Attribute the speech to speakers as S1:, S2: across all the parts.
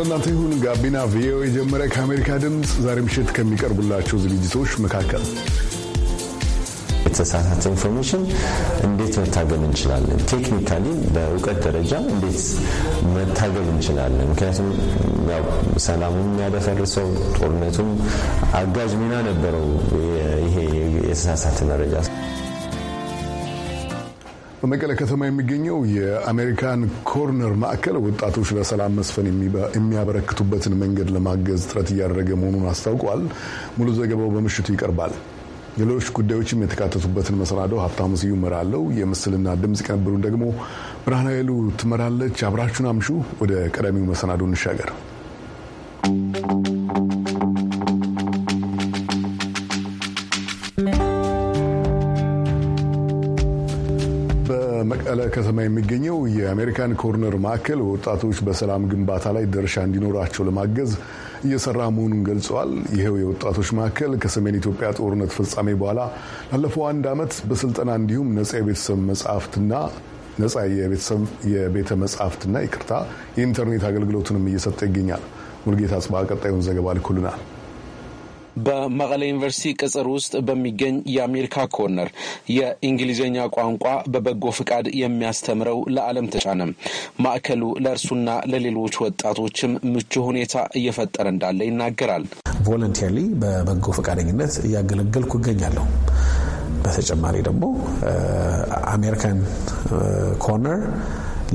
S1: ለእናንተ ይሁን። ጋቢና ቪኦኤ የጀመረ ከአሜሪካ ድምፅ ዛሬ ምሽት ከሚቀርቡላቸው ዝግጅቶች መካከል የተሳሳተ ኢንፎርሜሽን እንዴት መታገል እንችላለን? ቴክኒካሊ
S2: በእውቀት ደረጃ እንዴት መታገል እንችላለን? ምክንያቱም ያው ሰላሙን ጦርነቱም አጋዥ ሚና ነበረው ይሄ የተሳሳተ መረጃ
S1: በመቀለ ከተማ የሚገኘው የአሜሪካን ኮርነር ማዕከል ወጣቶች ለሰላም መስፈን የሚያበረክቱበትን መንገድ ለማገዝ ጥረት እያደረገ መሆኑን አስታውቋል። ሙሉ ዘገባው በምሽቱ ይቀርባል። ሌሎች ጉዳዮችም የተካተቱበትን መሰናዶ ሀብታሙ ስዩ እመራለሁ። የምስልና ድምፅ ቅንብሩን ደግሞ ብርሃን ኃይሉ ትመራለች። አብራችሁን አምሹ። ወደ ቀዳሚው መሰናዶ እንሻገር። መቀለ ከተማ የሚገኘው የአሜሪካን ኮርነር ማዕከል ወጣቶች በሰላም ግንባታ ላይ ድርሻ እንዲኖራቸው ለማገዝ እየሰራ መሆኑን ገልጸዋል። ይኸው የወጣቶች ማዕከል ከሰሜን ኢትዮጵያ ጦርነት ፍጻሜ በኋላ ላለፈው አንድ ዓመት በስልጠና እንዲሁም ነጻ የቤተሰብ መጽሐፍትና ነጻ የቤተሰብ የቤተ መጽሐፍትና ይቅርታ የኢንተርኔት አገልግሎትንም እየሰጠ ይገኛል። ሙልጌታ ጽባ ቀጣዩን ዘገባ ልኩልናል።
S3: በመቀለ ዩኒቨርሲቲ ቅጽር ውስጥ በሚገኝ የአሜሪካ ኮርነር የእንግሊዝኛ ቋንቋ በበጎ ፍቃድ የሚያስተምረው ለዓለም ተጫነም ማዕከሉ ለእርሱና ለሌሎች ወጣቶችም ምቹ ሁኔታ እየፈጠረ እንዳለ ይናገራል። ቮለንቲርሊ በበጎ ፈቃደኝነት እያገለገልኩ እገኛለሁ። በተጨማሪ ደግሞ አሜሪካን ኮርነር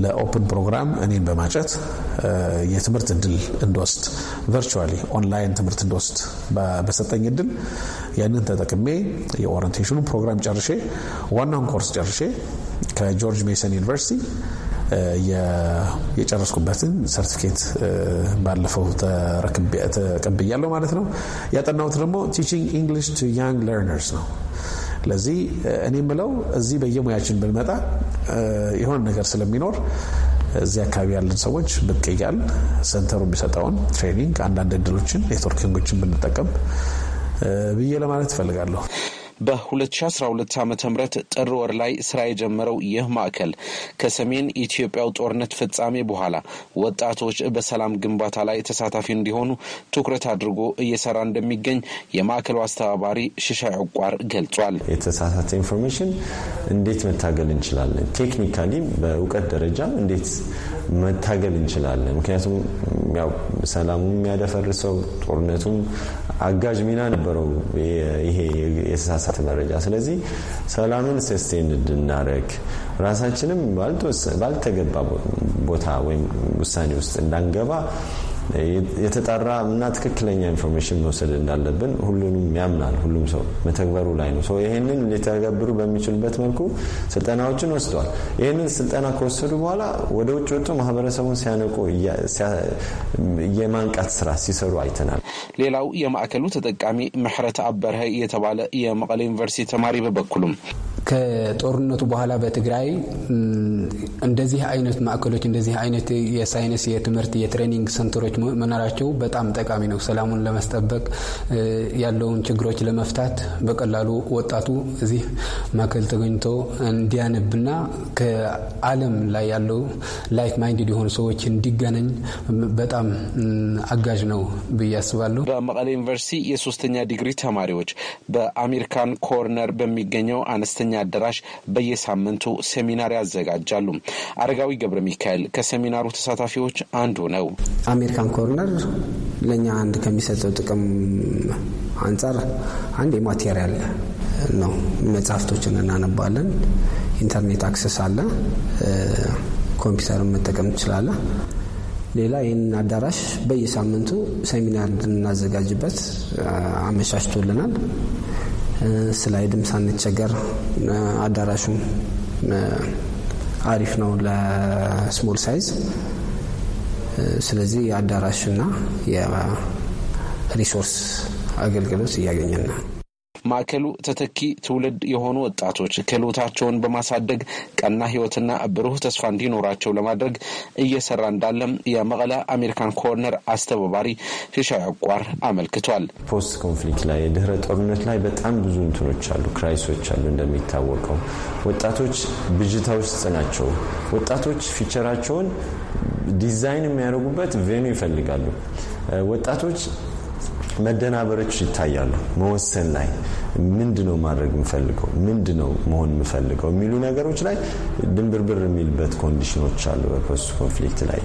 S3: ለኦፕን ፕሮግራም እኔን በማጨት የትምህርት እድል እንድወስድ ቨርቹዋሊ ኦንላይን ትምህርት እንድወስድ በሰጠኝ እድል ያንን ተጠቅሜ የኦሪንቴሽኑ ፕሮግራም ጨርሼ ዋናውን ኮርስ ጨርሼ ከጆርጅ ሜሰን ዩኒቨርሲቲ የጨረስኩበትን ሰርቲፊኬት ባለፈው ተቀብያለሁ ማለት ነው። ያጠናሁት ደግሞ ቲቺንግ ኢንግሊሽ ቱ ያንግ ለርነርስ ነው። ለዚህ እኔ ምለው እዚህ በየሙያችን ብንመጣ የሆነ ነገር ስለሚኖር እዚህ አካባቢ ያለን ሰዎች ብትቀያል ሴንተሩ የሚሰጠውን ትሬኒንግ አንዳንድ እድሎችን ኔትወርኪንጎችን ብንጠቀም ብዬ ለማለት እፈልጋለሁ። በ2012 ዓ ም ጥር ወር ላይ ስራ የጀመረው ይህ ማዕከል ከሰሜን ኢትዮጵያው ጦርነት ፍጻሜ በኋላ ወጣቶች በሰላም ግንባታ ላይ ተሳታፊ እንዲሆኑ ትኩረት አድርጎ እየሰራ እንደሚገኝ የማዕከሉ አስተባባሪ ሽሻ ዕቋር
S2: ገልጿል። የተሳሳተ ኢንፎርሜሽን እንዴት መታገል እንችላለን? ቴክኒካሊ በእውቀት ደረጃ እንዴት መታገል እንችላለን? ምክንያቱም ሰላሙም የሚያደፈርሰው ጦርነቱም አጋዥ ሚና ነበረው ይሄ የተሳሳተ በተሳሳተ መረጃ። ስለዚህ ሰላምን ሰስቴን እንድናረግ ራሳችንም ባልተገባ ቦታ ወይም ውሳኔ ውስጥ እንዳንገባ የተጣራ እና ትክክለኛ ኢንፎርሜሽን መውሰድ እንዳለብን ሁሉንም ያምናል። ሁሉም ሰው መተግበሩ ላይ ነው። ይህንን ሊተገብሩ በሚችሉበት መልኩ ስልጠናዎችን ወስደዋል። ይህንን ስልጠና ከወሰዱ በኋላ ወደ ውጭ ወጡ ማህበረሰቡን ሲያነቁ የማንቃት ስራ
S3: ሲሰሩ አይተናል። ሌላው የማዕከሉ ተጠቃሚ ምሕረት አበርሀ የተባለ የመቀሌ ዩኒቨርሲቲ ተማሪ በበኩሉም ከጦርነቱ በኋላ በትግራይ እንደዚህ አይነት ማዕከሎች እንደዚህ አይነት የሳይንስ የትምህርት የትሬኒንግ ሰንተሮች መኖራቸው በጣም ጠቃሚ ነው። ሰላሙን ለመስጠበቅ ያለውን ችግሮች ለመፍታት በቀላሉ ወጣቱ እዚህ ማዕከል ተገኝቶ እንዲያነብና ከዓለም ላይ ያለው ላይክ ማይንድድ የሆኑ ሰዎች እንዲገናኝ በጣም አጋዥ ነው ብዬ አስባለሁ። በመቀሌ ዩኒቨርሲቲ የሶስተኛ ዲግሪ ተማሪዎች በአሜሪካን ኮርነር በሚገኘው አነስተኛ አዳራሽ በየሳምንቱ ሴሚናር ያዘጋጃሉ። አረጋዊ ገብረ ሚካኤል ከሴሚናሩ ተሳታፊዎች አንዱ ነው። አሜሪካን ኮርነር ለእኛ አንድ ከሚሰጠው ጥቅም አንጻር አንድ የማቴሪያል ነው። መጽሐፍቶችን እናነባለን። ኢንተርኔት አክሰስ አለ። ኮምፒውተርን መጠቀም ትችላለ። ሌላ ይህንን አዳራሽ በየሳምንቱ ሴሚናር እንድናዘጋጅበት አመቻችቶልናል። ስላይድም ሳንቸገር አዳራሹም አሪፍ ነው ለስሞል ሳይዝ። ስለዚህ የአዳራሽና የሪሶርስ አገልግሎት እያገኘን ነው። ማዕከሉ ተተኪ ትውልድ የሆኑ ወጣቶች ክህሎታቸውን በማሳደግ ቀና ህይወትና ብሩህ ተስፋ እንዲኖራቸው ለማድረግ እየሰራ እንዳለም የመቀለ አሜሪካን ኮርነር አስተባባሪ
S2: ሽሻ ያቋር አመልክቷል። ፖስት ኮንፍሊክት ላይ የድህረ ጦርነት ላይ በጣም ብዙ እንትኖች አሉ፣ ክራይሶች አሉ። እንደሚታወቀው ወጣቶች ብጅታ ውስጥ ናቸው። ወጣቶች ፊቸራቸውን ዲዛይን የሚያደርጉበት ቬኑ ይፈልጋሉ። ወጣቶች መደናበሮች ይታያሉ። መወሰን ላይ ምንድነው ማድረግ የምፈልገው፣ ምንድነው መሆን የምፈልገው የሚሉ ነገሮች ላይ ድንብርብር የሚልበት ኮንዲሽኖች አሉ። በፖስት ኮንፍሊክት ላይ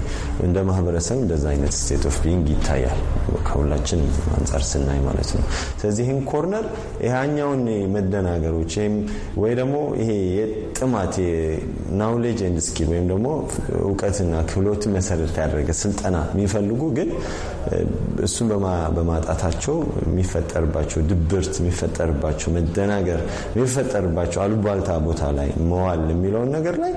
S2: እንደ ማህበረሰብ እንደዛ አይነት ስቴት ኦፍ ቢንግ ይታያል፣ ከሁላችን አንጻር ስናይ ማለት ነው። ስለዚህ ይህን ኮርነር ይህኛውን መደናገሮች ወይ ደግሞ ይሄ የጥማት ናውሌጅ ኤንድ ስኪል ወይም ደግሞ እውቀትና ክህሎት መሰረት ያደረገ ስልጠና የሚፈልጉ ግን እሱን በማጣት በመምጣታቸው የሚፈጠርባቸው ድብርት የሚፈጠርባቸው መደናገር የሚፈጠርባቸው አሉባልታ ቦታ ላይ መዋል የሚለውን ነገር ላይ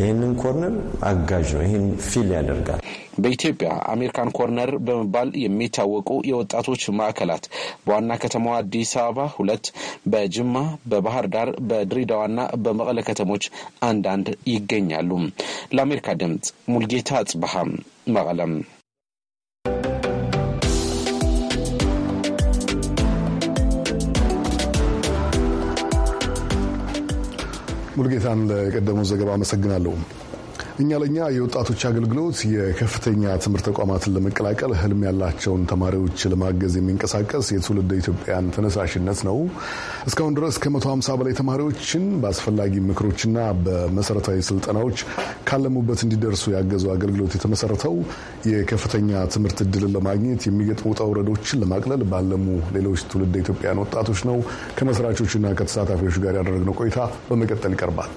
S2: ይህንን ኮርነር አጋዥ ነው። ይህን ፊል ያደርጋል። በኢትዮጵያ አሜሪካን ኮርነር በመባል
S3: የሚታወቁ የወጣቶች ማዕከላት በዋና ከተማዋ አዲስ አበባ ሁለት፣ በጅማ፣ በባህር ዳር፣ በድሬዳዋና በመቀለ ከተሞች አንዳንድ ይገኛሉ። ለአሜሪካ ድምጽ ሙልጌታ አጽበሃም መቀለም
S1: ሙልጌታን ለቀደሙ ዘገባ አመሰግናለሁ። እኛ ለእኛ የወጣቶች አገልግሎት የከፍተኛ ትምህርት ተቋማትን ለመቀላቀል ህልም ያላቸውን ተማሪዎች ለማገዝ የሚንቀሳቀስ የትውልደ ኢትዮጵያን ተነሳሽነት ነው። እስካሁን ድረስ ከ150 በላይ ተማሪዎችን በአስፈላጊ ምክሮችና በመሰረታዊ ስልጠናዎች ካለሙበት እንዲደርሱ ያገዙ አገልግሎት የተመሰረተው የከፍተኛ ትምህርት እድልን ለማግኘት የሚገጥሙ ውጣ ውረዶችን ለማቅለል ባለሙ ሌሎች ትውልደ ኢትዮጵያን ወጣቶች ነው። ከመስራቾችና ከተሳታፊዎች ጋር ያደረግነው ቆይታ በመቀጠል ይቀርባል።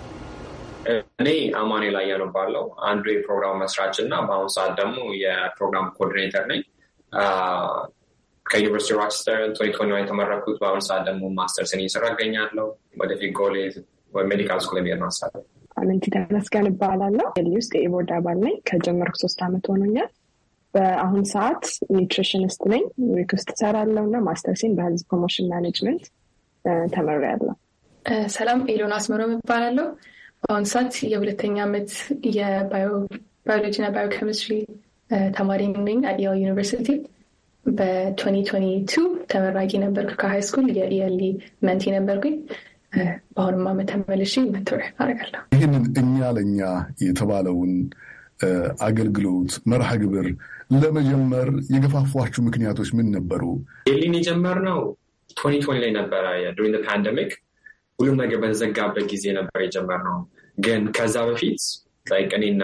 S4: እኔ አማኔ ላይ ያነባለው አንዱ የፕሮግራም መስራች እና በአሁኑ ሰዓት ደግሞ የፕሮግራም ኮኦርዲኔተር ነኝ። ከዩኒቨርሲቲ ሮቸስተር ቶኒቶኒ የተመረኩት በአሁኑ ሰዓት ደግሞ ማስተርስን እየሰራ እገኛለሁ። ወደፊት ጎሌ ሜዲካል ስኩል የሚሄድ ማሳለ
S5: አለን ኪዳን አስጋን እባላለሁ። ሊ ውስጥ የኢቦርድ አባል ነኝ። ከጀመርኩ ሶስት ዓመት ሆኖኛል። በአሁን ሰዓት ኒውትሪሽኒስት ነኝ። ዊክ ውስጥ እሰራለሁ እና ማስተርሴን በህዝብ ፕሮሞሽን ማኔጅመንት ተመሪያለሁ።
S6: ሰላም ኤሎን አስመሮ እባላለሁ። በአሁኑ ሰዓት የሁለተኛ ዓመት የባዮሎጂ የባዮሎጂና ባዮኬሚስትሪ ተማሪ ነኝ። አዲያ ዩኒቨርሲቲ በ2022 ተመራቂ ነበርኩ። ከሃይ ስኩል የኢያሊ መንቲ ነበርኩኝ። በአሁኑም ዓመት ተመልሼ መተር አደርጋለሁ።
S1: ይህንን እኛ ለእኛ የተባለውን አገልግሎት መርሃ ግብር ለመጀመር የገፋፏችሁ ምክንያቶች ምን ነበሩ?
S4: የሊን የጀመርነው ቶኒ ቶኒ ላይ ነበረ ዱሪንግ ፓንደሚክ ሁሉም ነገር በተዘጋበት ጊዜ ነበር የጀመርነው ግን ከዛ በፊት እኔና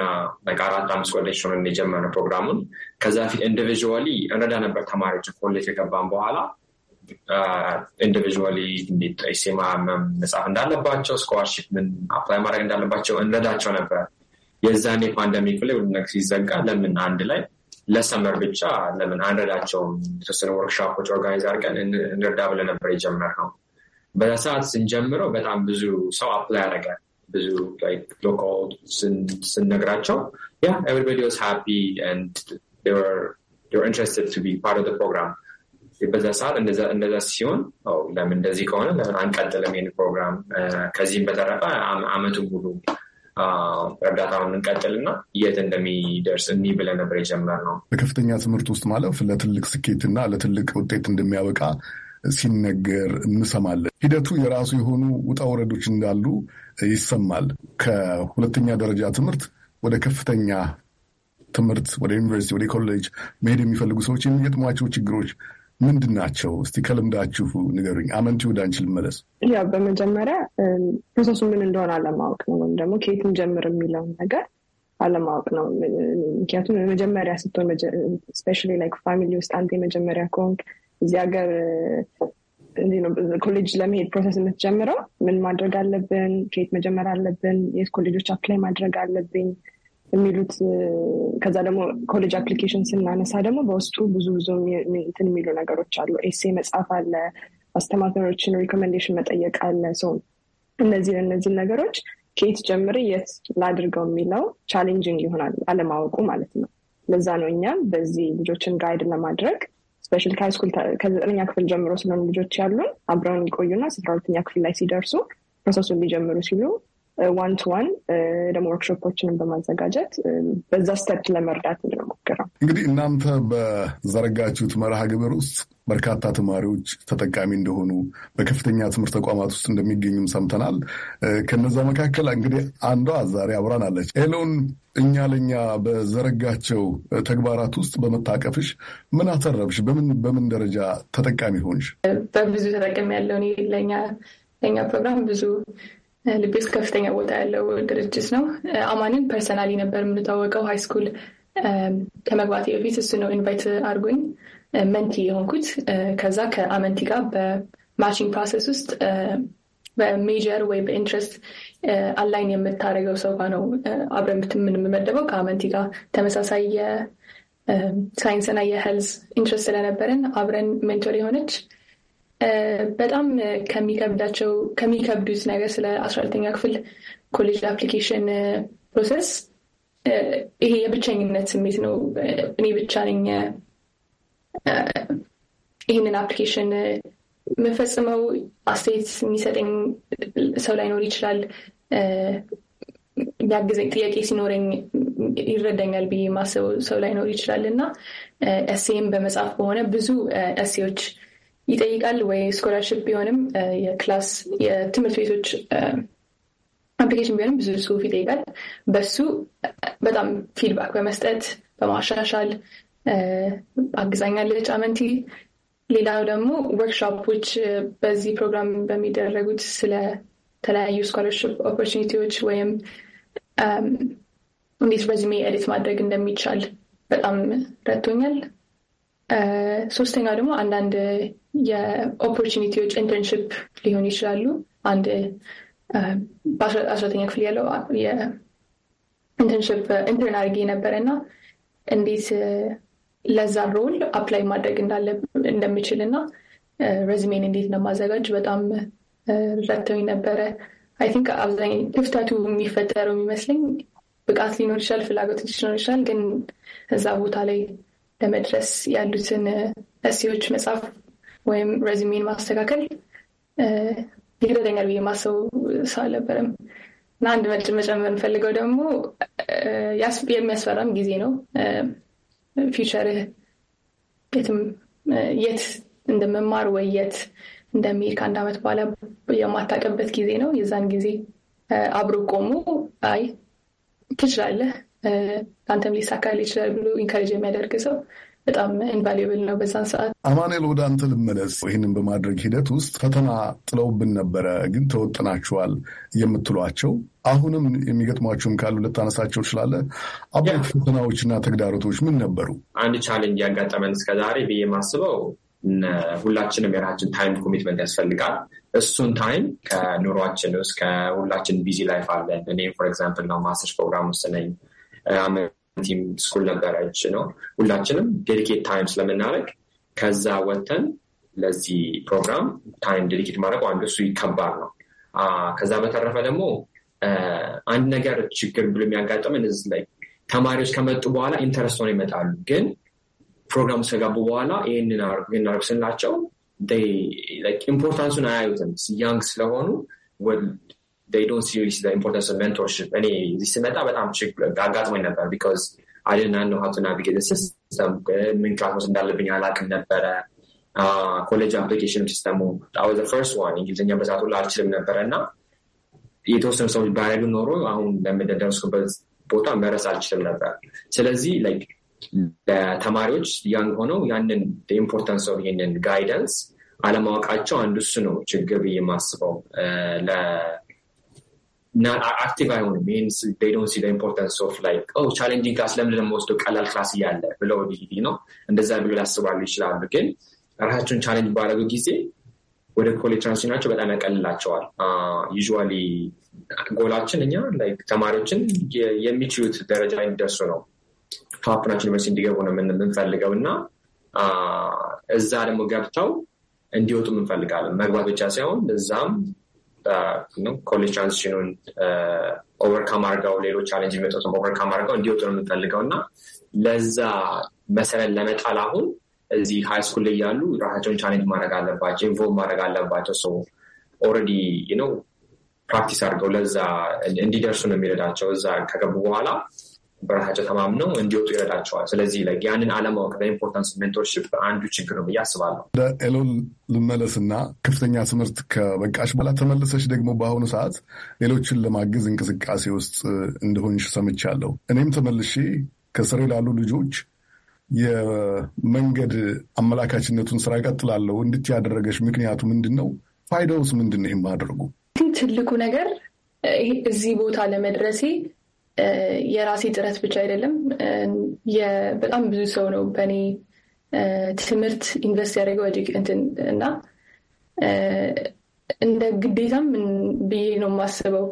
S4: አራት አምስት ኮሌጅ ሆነን የጀመረ ፕሮግራሙን ከዛ በፊት ኢንዲቪዥዋሊ እንረዳ ነበር ተማሪዎች ኮሌጅ ከገባን በኋላ ኢንዲቪዥዋሊ ሴማ መጽሐፍ እንዳለባቸው ስኮላርሺፕ ምን አፕላይ ማድረግ እንዳለባቸው እንረዳቸው ነበር። የዛን የፓንደሚክ ላይ ሁሉ ነገር ሲዘጋ ለምን አንድ ላይ ለሰመር ብቻ ለምን አንረዳቸው የተወሰነ ወርክሾፖች ኦርጋናይዝ አድርገን እንረዳ ብለን ነበር የጀመርነው። በዛ ሰዓት ስንጀምረው በጣም ብዙ ሰው አፕላይ ያደርጋል። ብዙ ሎካል ስንነግራቸው ያ ኤቨሪባዲ ዋዝ ሃፒ ኤንድ ኢንትረስትድ ቱ ቢ ፓርት ኦፍ ፕሮግራም። በዛ ሰዓት እንደዛ ሲሆን ለምን እንደዚህ ከሆነ ለምን አንቀጥልም ይህን ፕሮግራም ከዚህም በተረፈ አመቱ ሙሉ እርዳታውን እንቀጥልና የት እንደሚደርስ እኒ ብለን ነበር የጀመርነው።
S1: በከፍተኛ ትምህርት ውስጥ ማለፍ ለትልቅ ስኬትና ለትልቅ ውጤት እንደሚያበቃ ሲነገር እንሰማለን። ሂደቱ የራሱ የሆኑ ውጣ ውረዶች እንዳሉ ይሰማል። ከሁለተኛ ደረጃ ትምህርት ወደ ከፍተኛ ትምህርት ወደ ዩኒቨርሲቲ፣ ወደ ኮሌጅ መሄድ የሚፈልጉ ሰዎች የሚገጥሟቸው ችግሮች ምንድን ናቸው? እስቲ ከልምዳችሁ ንገሩኝ። አመንቲ ወደ አንቺ ልመለስ።
S5: ያው በመጀመሪያ ፕሮሰሱ ምን እንደሆነ አለማወቅ ነው፣ ወይም ደግሞ ከየት እንጀምር የሚለውን ነገር አለማወቅ ነው። ምክንያቱም የመጀመሪያ ስትሆን ስፔሻሊ ላይክ ፋሚሊ ውስጥ አንተ የመጀመሪያ ከሆንክ እዚህ ሀገር ኮሌጅ ለመሄድ ፕሮሰስ የምትጀምረው ምን ማድረግ አለብን፣ ኬት መጀመር አለብን፣ የት ኮሌጆች አፕላይ ማድረግ አለብኝ የሚሉት ከዛ ደግሞ ኮሌጅ አፕሊኬሽን ስናነሳ ደግሞ በውስጡ ብዙ ብዙ እንትን የሚሉ ነገሮች አሉ። ኤሴ መጻፍ አለ፣ አስተማሪዎችን ሪኮሜንዴሽን መጠየቅ አለ። ሰው እነዚህ እነዚህ ነገሮች ከየት ጀምር የት ላድርገው የሚለው ቻሌንጅንግ ይሆናል፣ አለማወቁ ማለት ነው። ለዛ ነው እኛም በዚህ ልጆችን ጋይድ ለማድረግ ስፔሻሊ ከሃይስኩል ከዘጠነኛ ክፍል ጀምሮ ስለሆኑ ልጆች ያሉን አብረውን ሊቆዩና አስራ ሁለተኛ ክፍል ላይ ሲደርሱ ፕሮሰሱን ሊጀምሩ ሲሉ ዋን ቱ ዋን ደግሞ ወርክሾፖችንም በማዘጋጀት um, በዛ ስተፕ ለመርዳት እንሞክረው።
S1: እንግዲህ እናንተ በዘረጋችሁት መርሃ ግብር ውስጥ በርካታ ተማሪዎች ተጠቃሚ እንደሆኑ በከፍተኛ ትምህርት ተቋማት ውስጥ እንደሚገኙም ሰምተናል። uh, ከነዛ መካከል እንግዲህ አንዷ ዛሬ አብራን አለች። ኤሎን እኛ ለእኛ በዘረጋቸው ተግባራት ውስጥ በመታቀፍሽ ምን አተረብሽ? በምን በምን ደረጃ ተጠቃሚ ሆንሽ?
S6: በብዙ ተጠቃሚ ያለው ለእኛ ፕሮግራም ብዙ ልቤ ውስጥ ከፍተኛ ቦታ ያለው ድርጅት ነው። አማንን ፐርሰናሊ ነበር የምንታወቀው ሃይስኩል ከመግባቴ በፊት እሱ ነው ኢንቫይት አድርጎኝ መንቲ የሆንኩት። ከዛ ከአመንቲ ጋር በማችንግ ፕሮሰስ ውስጥ በሜጀር ወይ በኢንትረስት አላይን የምታደርገው ሰው ጋር ነው አብረን የምንመደበው። ከአመንቲ ጋር ተመሳሳይ የሳይንስና የሄልዝ ኢንትረስት ስለነበረን አብረን ሜንቶር የሆነች በጣም ከሚከብዳቸው ከሚከብዱት ነገር ስለ አስራ ሁለተኛ ክፍል ኮሌጅ አፕሊኬሽን ፕሮሰስ ይሄ የብቸኝነት ስሜት ነው። እኔ ብቻ ነኝ ይህንን አፕሊኬሽን የምፈጽመው አስተያየት የሚሰጠኝ ሰው ላይኖር ይችላል። የሚያግዘኝ ጥያቄ ሲኖረኝ ይረዳኛል ብዬ ማሰብ ሰው ላይኖር ይችላል እና ኤሴም በመጽሐፍ በሆነ ብዙ ኤሴዎች ይጠይቃል ወይ ስኮላርሽፕ ቢሆንም የክላስ የትምህርት ቤቶች አፕሊኬሽን ቢሆንም ብዙ ጽሁፍ ይጠይቃል። በሱ በጣም ፊድባክ በመስጠት በማሻሻል አግዛኛለች አመንቲ ሌላው ደግሞ ወርክሾፖች በዚህ ፕሮግራም በሚደረጉት ስለ ተለያዩ ስኮለርሽፕ ኦፖርቹኒቲዎች ወይም እንዴት ረዝሜ ኤዲት ማድረግ እንደሚቻል በጣም ረቶኛል። ሶስተኛው ደግሞ አንዳንድ የኦፖርቹኒቲዎች ኢንተርንሽፕ ሊሆኑ ይችላሉ። አንድ በአስራተኛ ክፍል ያለው የኢንተርንሽፕ ኢንተርን አድርጌ ነበረ እና እንዴት ለዛ ሮል አፕላይ ማድረግ እንደምችል እና ረዝሜን እንዴት እንደማዘጋጅ በጣም ረተው ነበረ። አይ ቲንክ አብዛኛው ክፍተቱ የሚፈጠረው የሚመስለኝ ብቃት ሊኖር ይችላል፣ ፍላጎት ሊኖር ይችላል። ግን እዛ ቦታ ላይ ለመድረስ ያሉትን እሴዎች መጻፍ ወይም ረዝሜን ማስተካከል ይረዳኛል ብዬ ማሰቡ ሰው አልነበረም እና አንድ መጨመር የምፈልገው ደግሞ የሚያስፈራም ጊዜ ነው ፊውቸርህ የትም የት እንደመማር ወይ የት እንደሚሄድ ከአንድ ዓመት በኋላ የማታውቅበት ጊዜ ነው። የዛን ጊዜ አብሮ ቆሙ አይ ትችላለህ፣ አንተም ሊሳካል ይችላል ብሎ ኢንካሬጅ የሚያደርግ ሰው በጣም ኢንቫሉብል ነው በዛን ሰዓት።
S1: አማኔል ወደ አንተ ልመለስ። ይህንን በማድረግ ሂደት ውስጥ ፈተና ጥለውብን ነበረ፣ ግን ተወጥናችኋል የምትሏቸው አሁንም የሚገጥሟችሁም ካሉ ልታነሳቸው ትችላለህ። አባት እና ተግዳሮቶች ምን ነበሩ?
S4: አንድ ቻሌንጅ ያጋጠመን እስከዛሬ ብዬ ማስበው ሁላችንም የራችን ታይም ኮሚትመንት ያስፈልጋል። እሱን ታይም ከኑሯችን ውስጥ ከሁላችን ቢዚ ላይፍ አለን። እኔ ፎር ኤግዛምፕል ነው ማስተርስ ፕሮግራም ውስጥ ነኝ። ቲም ስኩል ነበረች ነው ሁላችንም ዴዲኬት ታይም ስለምናደርግ ከዛ ወተን ለዚህ ፕሮግራም ታይም ዴዲኬት ማድረግ አንዱ እሱ ይከባድ ነው። ከዛ በተረፈ ደግሞ አንድ ነገር ችግር ብሎ የሚያጋጥመን እዚህ ላይ ተማሪዎች ከመጡ በኋላ ኢንተረስት ሆነው ይመጣሉ። ግን ፕሮግራሙ ከገቡ በኋላ ይህንን አድርጉ ስንላቸው ኢምፖርታንሱን አያዩትም ያንግ ስለሆኑ they don't serious the importance of mentorship እኔ እዚህ ስመጣ በጣም አጋጥሞኝ ነበር ቢካዝ አይደና ነው ሀቱ ናቪጌት ሲስተም ምን ክላስ እንዳለብኝ አላቅም ነበረ ኮሌጅ አፕሊኬሽን ሲስተሙ ፈርስት ዋን እንግሊዝኛ በዛቱ አልችልም ነበረ እና የተወሰኑ ሰዎች ባያሉ ኖሮ አሁን ለምደደረስኩበት ቦታ መረስ አልችልም ነበር ስለዚህ ለተማሪዎች ያንግ ሆነው ያንን ኢምፖርታንስ ኦፍ ይህንን ጋይደንስ አለማወቃቸው አንዱ እሱ ነው ችግር ብዬ የማስበው አክቲቭ አይሆንም። ሚንስ ዴይ ዶንት ሲ ዘ ኢምፖርታንስ ኦፍ ላይክ ኦ ቻሌንጂንግ ክላስ ለምን ደግሞ ቀላል ክላስ እያለ ብለው ዲቪዲ ነው እንደዛ ብሎ ላስባሉ ይችላሉ። ግን ራሳቸውን ቻሌንጅ ባደረጉ ጊዜ ወደ ኮሌጅ ትራንዚሽናቸው በጣም ያቀልላቸዋል። ዩዥዋሊ ጎላችን እኛ ላይክ ተማሪዎችን የሚችሉት ደረጃ እንዲደርሱ ነው ከሀፕናቸው ዩኒቨርሲቲ እንዲገቡ ነው የምንፈልገው እና እዛ ደግሞ ገብተው እንዲወጡ እንፈልጋለን። መግባት ብቻ ሳይሆን እዛም ኮሌጅ ትራንዚሽኑን ኦቨርካም አድርገው ሌሎች ቻለንጅ የሚመጡትም ኦቨርካም አድርገው እንዲወጡ ነው የምንፈልገው እና ለዛ መሰረት ለመጣል አሁን እዚህ ሃይስኩል ስኩል ላይ ያሉ ራሳቸውን ቻሌንጅ ማድረግ አለባቸው፣ ኢንቮልቭ ማድረግ አለባቸው። ሰው ኦልሬዲ ነው ፕራክቲስ አድርገው ለዛ እንዲደርሱ ነው የሚረዳቸው። እዛ ከገቡ በኋላ በራሳቸው ተማምነው እንዲወጡ ይረዳቸዋል። ስለዚህ ያንን አለማወቅ በኢምፖርታንስ ሜንቶርሽፕ አንዱ ችግር ነው ብዬ አስባለሁ።
S1: ወደ ኤሎን ልመለስና ከፍተኛ ትምህርት ከበቃሽ በኋላ ተመልሰሽ ደግሞ በአሁኑ ሰዓት ሌሎችን ለማገዝ እንቅስቃሴ ውስጥ እንደሆንሽ ሰምቻለሁ። እኔም ተመልሼ ከስሬ ላሉ ልጆች የመንገድ አመላካችነቱን ስራ ቀጥላለሁ እንድት ያደረገች ምክንያቱ ምንድን ነው? ፋይዳውስ ምንድን ነው? ይህም ማድረጉ
S6: ትልቁ ነገር እዚህ ቦታ ለመድረሴ የራሴ ጥረት ብቻ አይደለም። በጣም ብዙ ሰው ነው በእኔ ትምህርት ኢንቨስት ያደረገው እጅግ እንትን እና እንደ ግዴታም ብዬ ነው የማስበው።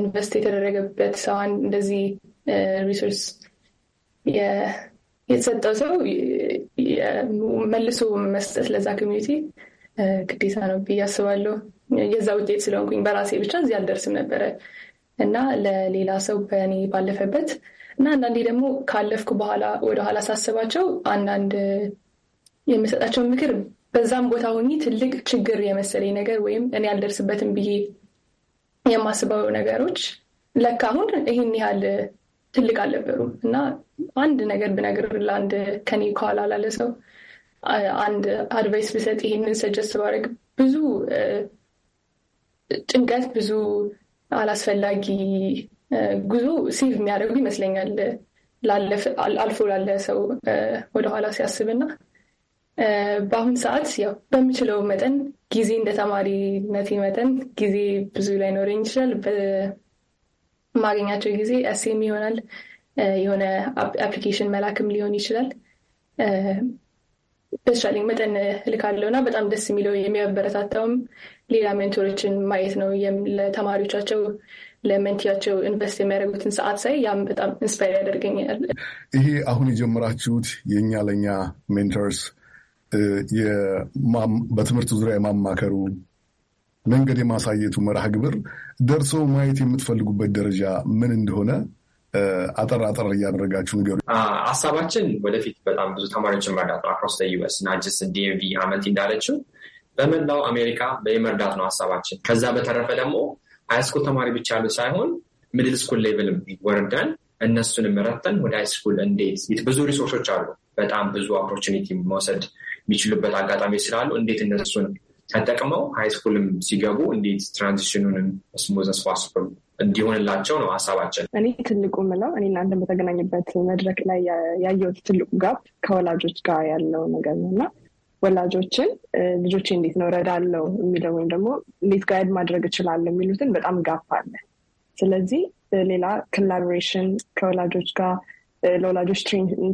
S6: ኢንቨስት የተደረገበት ሰዋን እንደዚህ ሪሶርስ የተሰጠው ሰው መልሶ መስጠት ለዛ ኮሚኒቲ ግዴታ ነው ብዬ አስባለሁ። የዛ ውጤት ስለሆንኩኝ በራሴ ብቻ እዚህ አልደርስም ነበረ። እና ለሌላ ሰው በእኔ ባለፈበት እና አንዳንዴ ደግሞ ካለፍኩ በኋላ ወደኋላ ሳስባቸው አንዳንድ የምሰጣቸውን ምክር በዛም ቦታ ሆኜ ትልቅ ችግር የመሰለኝ ነገር ወይም እኔ አልደርስበትም ብዬ የማስበው ነገሮች ለካ አሁን ይህን ያህል ትልቅ አልነበሩም እና አንድ ነገር ብነግር ለአንድ ከኔ ከኋላ ላለ ሰው አንድ አድቫይስ ብሰጥ ይህንን ሰጀስ ባደርግ ብዙ ጭንቀት ብዙ አላስፈላጊ ጉዞ ሴቭ የሚያደርጉ ይመስለኛል አልፎ ላለ ሰው ወደኋላ ሲያስብና በአሁን ሰዓት ያው በምችለው መጠን ጊዜ እንደ ተማሪነቴ መጠን ጊዜ ብዙ ላይኖረኝ ይችላል። በማገኛቸው ጊዜ ኤሴም ይሆናል የሆነ አፕሊኬሽን መላክም ሊሆን ይችላል። በተቻለኝ መጠን እልካለሁ እና በጣም ደስ የሚለው የሚያበረታታውም ሌላ ሜንቶሮችን ማየት ነው። ለተማሪዎቻቸው ለመንቲያቸው ኢንቨስት የሚያደርጉትን ሰዓት ሳይ ያም በጣም ኢንስፓየር ያደርገኛል።
S1: ይሄ አሁን የጀመራችሁት የእኛ ለእኛ ሜንተርስ በትምህርት ዙሪያ የማማከሩ መንገድ የማሳየቱ መርሃ ግብር ደርሰው ማየት የምትፈልጉበት ደረጃ ምን እንደሆነ አጠር አጠር እያደረጋችሁ ንገሩ።
S4: ሀሳባችን ወደፊት በጣም ብዙ ተማሪዎችን መርዳት ነው። አክሮስ ዩስ ናጅስ ዲኤምቪ አመት እንዳለችው በመላው አሜሪካ በየመርዳት ነው ሀሳባችን። ከዛ በተረፈ ደግሞ ሃይስኩል ተማሪ ብቻ ያሉ ሳይሆን ሚድል ስኩል ሌቭልም ወርደን እነሱንም ረተን ወደ ሃይስኩል እንዴት ብዙ ሪሶርሶች አሉ። በጣም ብዙ ኦፖርቹኒቲ መውሰድ የሚችሉበት አጋጣሚ ስላሉ እንዴት እነሱን ተጠቅመው ሃይስኩልም ሲገቡ እንዴት ትራንዚሽኑንም ስሙዝ ፋስል እንዲሆንላቸው ነው ሀሳባችን።
S5: እኔ ትልቁ ምለው እኔ እናንተ በተገናኝበት መድረክ ላይ ያየሁት ትልቁ ጋፕ ከወላጆች ጋር ያለው ነገር ነው እና ወላጆችን ልጆች እንዴት ነው ረዳለው የሚለው ወይም ደግሞ እንዴት ጋይድ ማድረግ እችላለሁ የሚሉትን በጣም ጋፕ አለ። ስለዚህ ሌላ ኮላቦሬሽን ከወላጆች ጋር ለወላጆች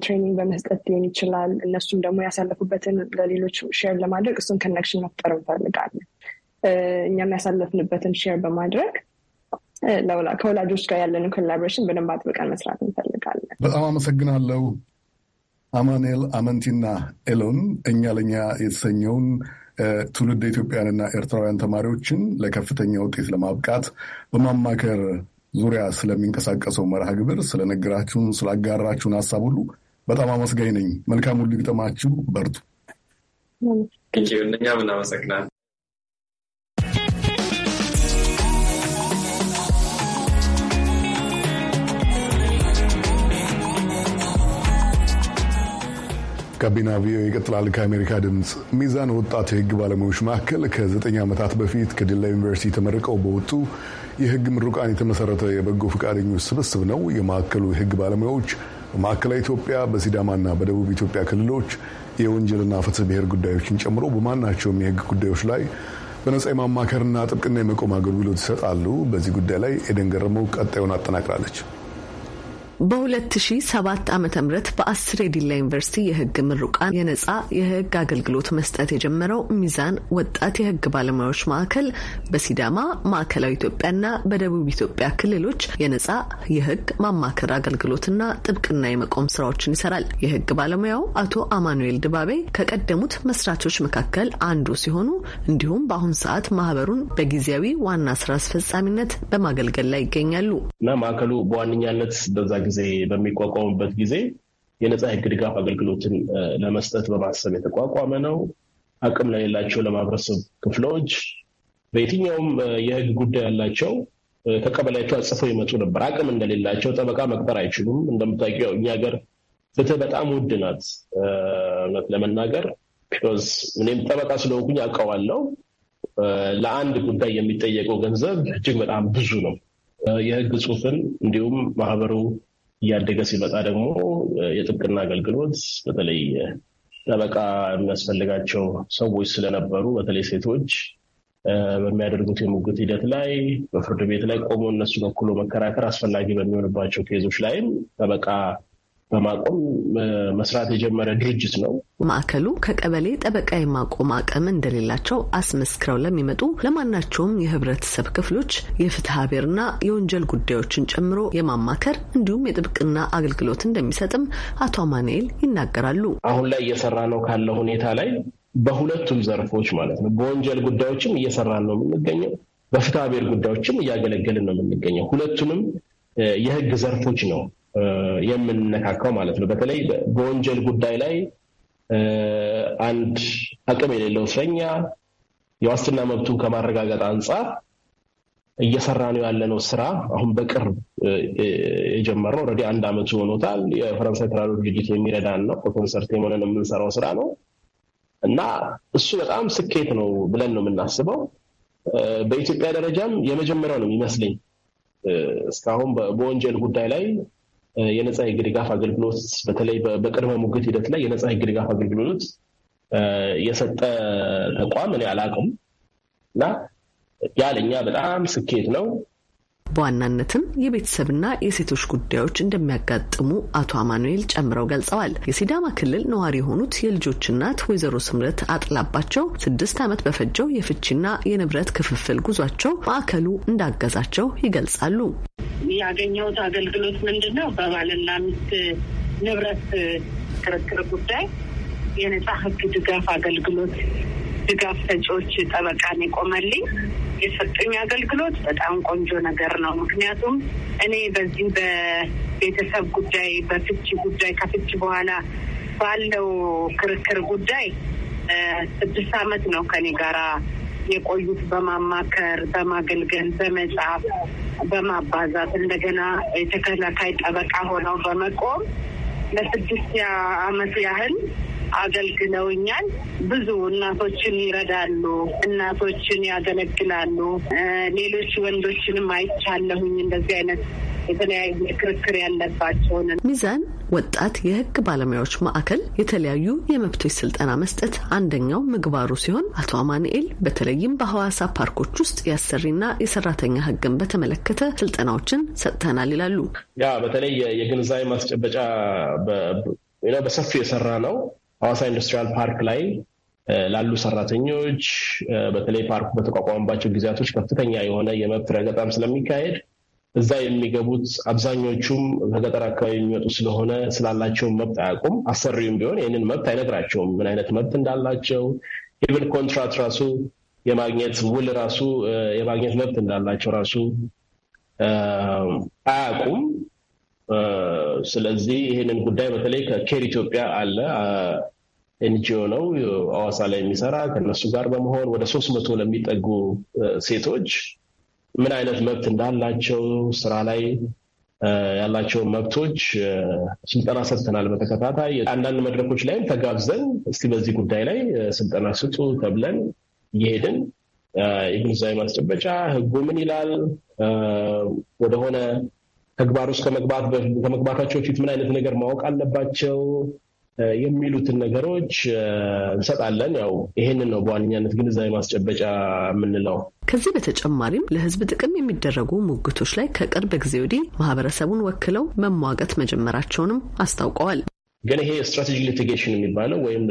S5: ትሬኒንግ በመስጠት ሊሆን ይችላል። እነሱም ደግሞ ያሳለፉበትን ለሌሎች ሼር ለማድረግ እሱን ከነክሽን መፍጠር እንፈልጋለን። እኛም ያሳለፍንበትን ሼር በማድረግ ከወላጆች ጋር ያለንን ኮላቦሬሽን በደንብ አጥብቀን መስራት እንፈልጋለን።
S1: በጣም አመሰግናለሁ። አማኑኤል አመንቲና ኤሎን እኛ ለኛ የተሰኘውን ትውልድ ኢትዮጵያውያንና ኤርትራውያን ተማሪዎችን ለከፍተኛ ውጤት ለማብቃት በማማከር ዙሪያ ስለሚንቀሳቀሰው መርሃ ግብር ስለነገራችሁን፣ ስላጋራችሁን ሀሳብ ሁሉ በጣም አመስጋኝ ነኝ። መልካም ሁሉ ይግጠማችሁ፣ በርቱ።
S4: እኛም እናመሰግናለን።
S1: ጋቢና ቪኦኤ ይቀጥላል። ከአሜሪካ ድምፅ ሚዛን ወጣት የህግ ባለሙያዎች መካከል ከዘጠኝ ዓመታት በፊት ከዲላ ዩኒቨርሲቲ ተመርቀው በወጡ የህግ ምሩቃን የተመሰረተ የበጎ ፈቃደኞች ስብስብ ነው። የማዕከሉ የህግ ባለሙያዎች በማዕከላዊ ኢትዮጵያ በሲዳማና በደቡብ ኢትዮጵያ ክልሎች የወንጀልና ፍትህ ብሔር ጉዳዮችን ጨምሮ በማናቸውም የህግ ጉዳዮች ላይ በነጻ የማማከርና ጥብቅና የመቆም አገልግሎት ይሰጣሉ። በዚህ ጉዳይ ላይ ኤደን ገረመው ቀጣዩን አጠናቅራለች።
S7: በ2007 ዓ ም በአስር የዲላ ዩኒቨርሲቲ የህግ ምሩቃን የነጻ የህግ አገልግሎት መስጠት የጀመረው ሚዛን ወጣት የህግ ባለሙያዎች ማዕከል በሲዳማ ማዕከላዊ ኢትዮጵያና በደቡብ ኢትዮጵያ ክልሎች የነጻ የህግ ማማከር አገልግሎትና ጥብቅና የመቆም ስራዎችን ይሰራል። የህግ ባለሙያው አቶ አማኑኤል ድባቤ ከቀደሙት መስራቾች መካከል አንዱ ሲሆኑ እንዲሁም በአሁኑ ሰዓት ማህበሩን በጊዜያዊ ዋና ስራ አስፈጻሚነት በማገልገል ላይ ይገኛሉ
S8: እና ማዕከሉ በዋነኛነት በዛ ጊዜ በሚቋቋሙበት ጊዜ የነፃ ህግ ድጋፍ አገልግሎትን ለመስጠት በማሰብ የተቋቋመ ነው። አቅም ለሌላቸው ለማህበረሰብ ክፍሎች በየትኛውም የህግ ጉዳይ ያላቸው ተቀበላቸው አጽፈው ይመጡ ነበር። አቅም እንደሌላቸው ጠበቃ መቅጠር አይችሉም። እንደምታውቂው እኛ ሀገር ፍትህ በጣም ውድ ናት። እውነት ለመናገር ቢኮዝ እኔም ጠበቃ ስለሆንኩኝ አውቀዋለሁ። ለአንድ ጉዳይ የሚጠየቀው ገንዘብ እጅግ በጣም ብዙ ነው። የህግ ጽሁፍን እንዲሁም ማህበሩ እያደገ ሲመጣ ደግሞ የጥብቅና አገልግሎት በተለይ ጠበቃ የሚያስፈልጋቸው ሰዎች ስለነበሩ በተለይ ሴቶች በሚያደርጉት የሙግት ሂደት ላይ በፍርድ ቤት ላይ ቆሞ እነሱ በኩሎ መከራከር አስፈላጊ በሚሆንባቸው ኬዞች ላይም ጠበቃ በማቆም መስራት የጀመረ ድርጅት ነው።
S7: ማዕከሉ ከቀበሌ ጠበቃ የማቆም አቅም እንደሌላቸው አስመስክረው ለሚመጡ ለማናቸውም የህብረተሰብ ክፍሎች የፍትሐ ብሔርና የወንጀል ጉዳዮችን ጨምሮ የማማከር እንዲሁም የጥብቅና አገልግሎት እንደሚሰጥም አቶ አማንኤል ይናገራሉ። አሁን ላይ እየሰራ ነው ካለ ሁኔታ
S8: ላይ በሁለቱም ዘርፎች ማለት ነው። በወንጀል ጉዳዮችም እየሰራን ነው የምንገኘው፣ በፍትሐ ብሔር ጉዳዮችም እያገለገልን ነው የምንገኘው። ሁለቱንም የህግ ዘርፎች ነው የምንነካካው ማለት ነው። በተለይ በወንጀል ጉዳይ ላይ አንድ አቅም የሌለው እስረኛ የዋስትና መብቱን ከማረጋገጥ አንጻር እየሰራ ነው ያለነው ስራ አሁን በቅርብ የጀመርነው ኦልሬዲ አንድ ዓመቱ ሆኖታል። የፈረንሳይ ተራድኦ ድርጅት የሚረዳን ነው። በኮንሰርት የሆነን የምንሰራው ስራ ነው እና እሱ በጣም ስኬት ነው ብለን ነው የምናስበው። በኢትዮጵያ ደረጃም የመጀመሪያው ነው የሚመስለኝ እስካሁን በወንጀል ጉዳይ ላይ የነፃ የህግ ድጋፍ አገልግሎት በተለይ በቅድመ ሙግት ሂደት ላይ የነፃ የህግ ድጋፍ አገልግሎት የሰጠ ተቋም እኔ አላውቅም እና ያ ለእኛ
S7: በጣም ስኬት ነው። በዋናነትም የቤተሰብና የሴቶች ጉዳዮች እንደሚያጋጥሙ አቶ አማኑኤል ጨምረው ገልጸዋል። የሲዳማ ክልል ነዋሪ የሆኑት የልጆች እናት ወይዘሮ ስምረት አጥላባቸው ስድስት ዓመት በፈጀው የፍቺና የንብረት ክፍፍል ጉዟቸው ማዕከሉ እንዳገዛቸው ይገልጻሉ።
S5: ያገኘሁት አገልግሎት ምንድን ነው? በባልና ሚስት ንብረት ክርክር ጉዳይ የነጻ ህግ ድጋፍ አገልግሎት ድጋፍ ሰጪዎች ጠበቃን ይቆመልኝ የሰጠኝ አገልግሎት በጣም ቆንጆ ነገር ነው። ምክንያቱም እኔ በዚህ በቤተሰብ ጉዳይ፣ በፍቺ ጉዳይ ከፍቺ በኋላ ባለው ክርክር ጉዳይ ስድስት አመት ነው ከኔ ጋራ የቆዩት በማማከር፣ በማገልገል፣ በመጻፍ፣ በማባዛት እንደገና የተከላካይ ጠበቃ ሆነው በመቆም ለስድስት ዓመት ያህል አገልግለውኛል። ብዙ እናቶችን ይረዳሉ፣ እናቶችን ያገለግላሉ። ሌሎች ወንዶችንም አይቻለሁኝ እንደዚህ አይነት የተለያየ ክርክር ያለባቸውን ሚዛን
S7: ወጣት የህግ ባለሙያዎች ማዕከል የተለያዩ የመብቶች ስልጠና መስጠት አንደኛው ምግባሩ ሲሆን አቶ አማኑኤል በተለይም በሐዋሳ ፓርኮች ውስጥ የአሰሪና የሰራተኛ ህግን በተመለከተ ስልጠናዎችን ሰጥተናል ይላሉ።
S8: ያ በተለይ የግንዛቤ ማስጨበጫ በሰፊው የሰራ ነው። ሐዋሳ ኢንዱስትሪያል ፓርክ ላይ ላሉ ሰራተኞች በተለይ ፓርኩ በተቋቋመባቸው ጊዜያቶች ከፍተኛ የሆነ የመብት ረገጣም ስለሚካሄድ እዛ የሚገቡት አብዛኞቹም ከገጠር አካባቢ የሚመጡ ስለሆነ ስላላቸውን መብት አያውቁም። አሰሪውም ቢሆን ይህንን መብት አይነግራቸውም፣ ምን አይነት መብት እንዳላቸው ኢቨን ኮንትራት ራሱ የማግኘት ውል ራሱ የማግኘት መብት እንዳላቸው ራሱ አያውቁም። ስለዚህ ይህንን ጉዳይ በተለይ ከኬር ኢትዮጵያ አለ ኤንጂኦ ነው አዋሳ ላይ የሚሰራ ከነሱ ጋር በመሆን ወደ ሶስት መቶ ለሚጠጉ ሴቶች ምን አይነት መብት እንዳላቸው ስራ ላይ ያላቸውን መብቶች ስልጠና ሰጥተናል በተከታታይ አንዳንድ መድረኮች ላይም ተጋብዘን እስቲ በዚህ ጉዳይ ላይ ስልጠና ስጡ ተብለን እየሄድን የግንዛቤ ማስጨበጫ ህጉ ምን ይላል ወደሆነ ተግባር ውስጥ ከመግባታቸው ፊት ምን አይነት ነገር ማወቅ አለባቸው የሚሉትን ነገሮች
S7: እንሰጣለን። ያው ይሄንን ነው በዋነኛነት ግንዛቤ ማስጨበጫ የምንለው። ከዚህ በተጨማሪም ለሕዝብ ጥቅም የሚደረጉ ሙግቶች ላይ ከቅርብ ጊዜ ወዲህ ማህበረሰቡን ወክለው መሟገት መጀመራቸውንም
S8: አስታውቀዋል። ግን ይሄ ስትራቴጂ ሊቲጌሽን የሚባለው ወይም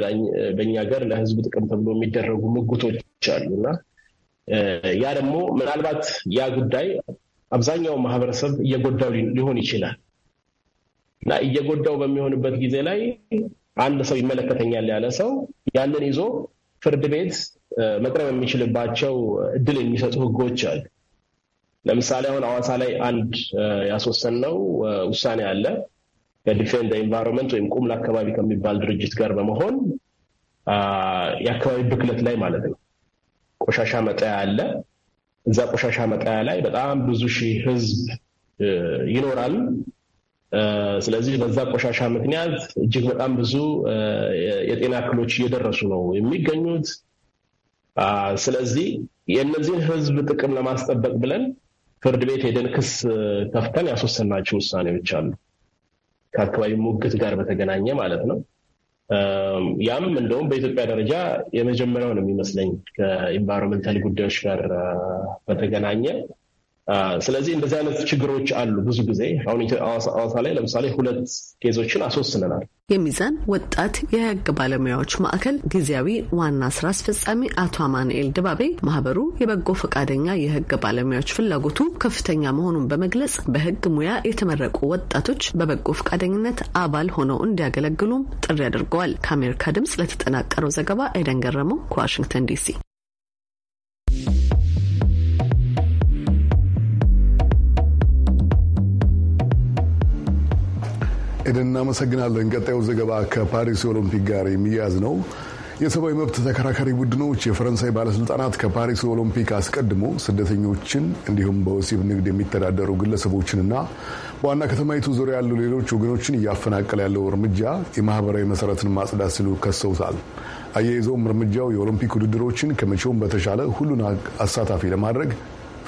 S8: በእኛ ሀገር ለሕዝብ ጥቅም ተብሎ የሚደረጉ ሙግቶች አሉ እና ያ ደግሞ ምናልባት ያ ጉዳይ አብዛኛው ማህበረሰብ እየጎዳው ሊሆን ይችላል እና እየጎዳው በሚሆንበት ጊዜ ላይ አንድ ሰው ይመለከተኛል ያለ ሰው ያንን ይዞ ፍርድ ቤት መቅረብ የሚችልባቸው እድል የሚሰጡ ህጎች አሉ። ለምሳሌ አሁን አዋሳ ላይ አንድ ያስወሰንነው ውሳኔ አለ። ከዲፌንድ ኤንቫይሮንመንት ወይም ቁምላ አካባቢ ከሚባል ድርጅት ጋር በመሆን የአካባቢ ብክለት ላይ ማለት ነው ቆሻሻ መጣያ አለ። እዛ ቆሻሻ መጣያ ላይ በጣም ብዙ ሺህ ህዝብ ይኖራል። ስለዚህ በዛ ቆሻሻ ምክንያት እጅግ በጣም ብዙ የጤና እክሎች እየደረሱ ነው የሚገኙት። ስለዚህ የእነዚህን ህዝብ ጥቅም ለማስጠበቅ ብለን ፍርድ ቤት ሄደን ክስ ከፍተን ያስወሰናቸው ውሳኔዎች አሉ። ከአካባቢ ሙግት ጋር በተገናኘ ማለት ነው። ያም እንደውም በኢትዮጵያ ደረጃ የመጀመሪያው ነው የሚመስለኝ ከኢንቫይሮንመንታል ጉዳዮች ጋር በተገናኘ ስለዚህ እንደዚህ አይነት ችግሮች አሉ። ብዙ ጊዜ አሁን አዋሳ ላይ ለምሳሌ ሁለት ኬዞችን አስወስነናል።
S7: የሚዛን ወጣት የህግ ባለሙያዎች ማዕከል ጊዜያዊ ዋና ስራ አስፈጻሚ አቶ አማኑኤል ድባቤ ማህበሩ የበጎ ፈቃደኛ የህግ ባለሙያዎች ፍላጎቱ ከፍተኛ መሆኑን በመግለጽ በህግ ሙያ የተመረቁ ወጣቶች በበጎ ፈቃደኝነት አባል ሆነው እንዲያገለግሉም ጥሪ አድርገዋል። ከአሜሪካ ድምጽ ለተጠናቀረው ዘገባ ኤደን ገረመው ከዋሽንግተን ዲሲ
S1: ኤደን እናመሰግናለን። ቀጣዩ ዘገባ ከፓሪስ ኦሎምፒክ ጋር የሚያያዝ ነው። የሰብአዊ መብት ተከራካሪ ቡድኖች የፈረንሳይ ባለስልጣናት ከፓሪስ ኦሎምፒክ አስቀድሞ ስደተኞችን እንዲሁም በወሲብ ንግድ የሚተዳደሩ ግለሰቦችንና በዋና ከተማይቱ ዙሪያ ያሉ ሌሎች ወገኖችን እያፈናቀለ ያለው እርምጃ የማህበራዊ መሰረትን ማጽዳት ሲሉ ከሰውታል። አያይዘውም እርምጃው የኦሎምፒክ ውድድሮችን ከመቼውም በተሻለ ሁሉን አሳታፊ ለማድረግ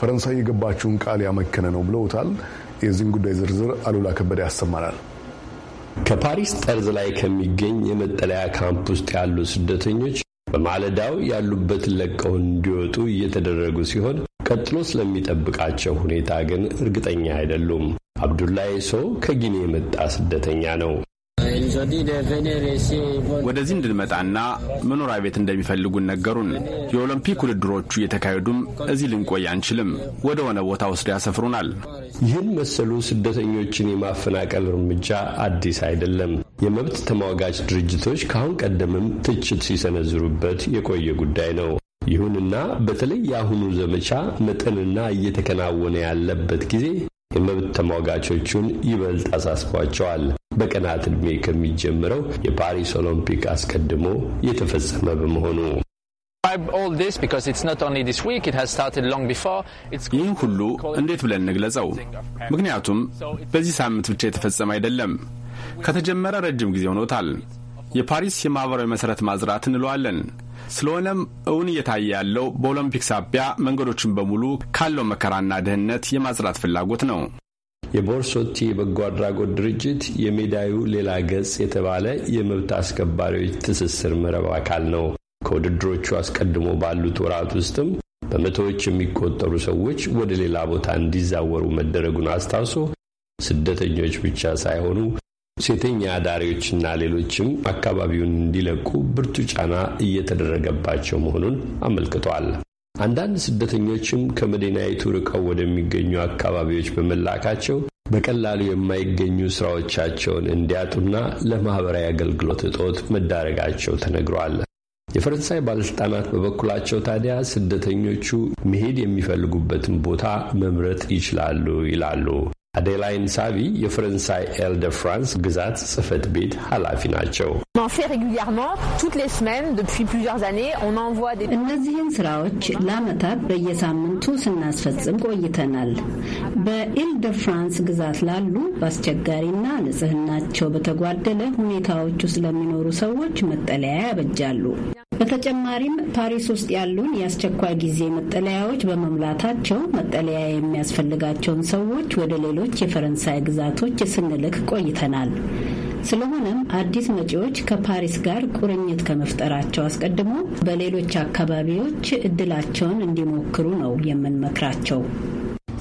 S1: ፈረንሳይ የገባችውን ቃል ያመከነ ነው ብለውታል። የዚህን ጉዳይ ዝርዝር አሉላ ከበደ ያሰማናል። ከፓሪስ ጠርዝ ላይ ከሚገኝ የመጠለያ ካምፕ ውስጥ ያሉ ስደተኞች
S9: በማለዳው ያሉበትን ለቀው እንዲወጡ እየተደረጉ ሲሆን ቀጥሎ ስለሚጠብቃቸው ሁኔታ ግን እርግጠኛ አይደሉም። አብዱላይ ሶ ከጊኔ የመጣ ስደተኛ ነው። ወደዚህ እንድንመጣና መኖሪያ
S8: ቤት እንደሚፈልጉን ነገሩን። የኦሎምፒክ ውድድሮቹ እየተካሄዱም እዚህ ልንቆይ አንችልም። ወደ ሆነ ቦታ ወስደው ያሰፍሩናል።
S9: ይህን መሰሉ ስደተኞችን የማፈናቀል እርምጃ አዲስ አይደለም። የመብት ተሟጋች ድርጅቶች ከአሁን ቀደምም ትችት ሲሰነዝሩበት የቆየ ጉዳይ ነው። ይሁንና በተለይ የአሁኑ ዘመቻ መጠንና እየተከናወነ ያለበት ጊዜ የመብት ተሟጋቾቹን ይበልጥ አሳስቧቸዋል። በቀናት ዕድሜ ከሚጀምረው የፓሪስ ኦሎምፒክ አስቀድሞ የተፈጸመ በመሆኑ
S3: ይህ
S8: ሁሉ እንዴት ብለን እንግለጸው? ምክንያቱም በዚህ ሳምንት ብቻ የተፈጸመ አይደለም። ከተጀመረ ረጅም ጊዜ ሆኖታል። የፓሪስ የማኅበራዊ መሠረት ማዝራት እንለዋለን። ስለሆነም እውን እየታየ ያለው በኦሎምፒክ ሳቢያ መንገዶችን በሙሉ ካለው መከራና ድህነት የማጽራት ፍላጎት ነው።
S9: የቦርሶቲ የበጎ አድራጎት ድርጅት የሜዳዩ ሌላ ገጽ የተባለ የመብት አስከባሪዎች ትስስር መረብ አካል ነው። ከውድድሮቹ አስቀድሞ ባሉት ወራት ውስጥም በመቶዎች የሚቆጠሩ ሰዎች ወደ ሌላ ቦታ እንዲዛወሩ መደረጉን አስታውሶ ስደተኞች ብቻ ሳይሆኑ ሴተኛ አዳሪዎችና ሌሎችም አካባቢውን እንዲለቁ ብርቱ ጫና እየተደረገባቸው መሆኑን አመልክቷል። አንዳንድ ስደተኞችም ከመዲናይቱ ርቀው ወደሚገኙ አካባቢዎች በመላካቸው በቀላሉ የማይገኙ ስራዎቻቸውን እንዲያጡና ለማኅበራዊ አገልግሎት እጦት መዳረጋቸው ተነግሯል። የፈረንሳይ ባለሥልጣናት በበኩላቸው ታዲያ ስደተኞቹ መሄድ የሚፈልጉበትን ቦታ መምረጥ ይችላሉ ይላሉ። አዴላይን ሳቪ የፈረንሳይ ኤል ደ ፍራንስ ግዛት ጽህፈት ቤት ኃላፊ ናቸው።
S7: እነዚህን ስራዎች ለአመታት በየሳምንቱ ስናስፈጽም ቆይተናል። በኤል ደ ፍራንስ ግዛት ላሉ በአስቸጋሪና ንጽህናቸው በተጓደለ ሁኔታዎች ውስጥ ለሚኖሩ ሰዎች መጠለያ ያበጃሉ። በተጨማሪም ፓሪስ ውስጥ ያሉን የአስቸኳይ ጊዜ መጠለያዎች በመሙላታቸው መጠለያ የሚያስፈልጋቸውን ሰዎች ወደ ሌሎ ሌሎች የፈረንሳይ ግዛቶች ስንልክ ቆይተናል። ስለሆነም አዲስ መጪዎች ከፓሪስ ጋር ቁርኝት ከመፍጠራቸው አስቀድሞ በሌሎች አካባቢዎች እድላቸውን እንዲሞክሩ ነው የምንመክራቸው።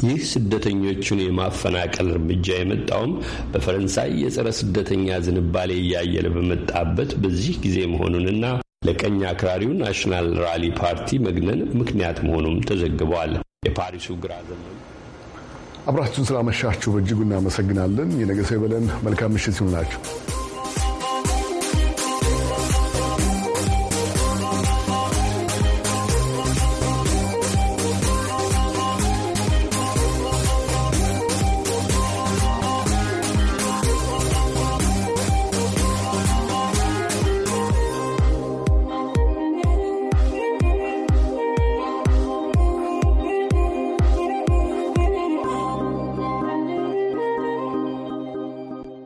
S9: ይህ ስደተኞቹን የማፈናቀል እርምጃ የመጣውም በፈረንሳይ የጸረ ስደተኛ ዝንባሌ እያየለ በመጣበት በዚህ ጊዜ መሆኑንና ለቀኝ አክራሪው ናሽናል ራሊ ፓርቲ መግነን ምክንያት መሆኑም ተዘግቧል። የፓሪሱ ግራ
S1: ዘመን አብራችሁን ስላመሻችሁ በእጅጉ እናመሰግናለን። የነገ ሰው ይበለን። መልካም ምሽት ይሁንላችሁ።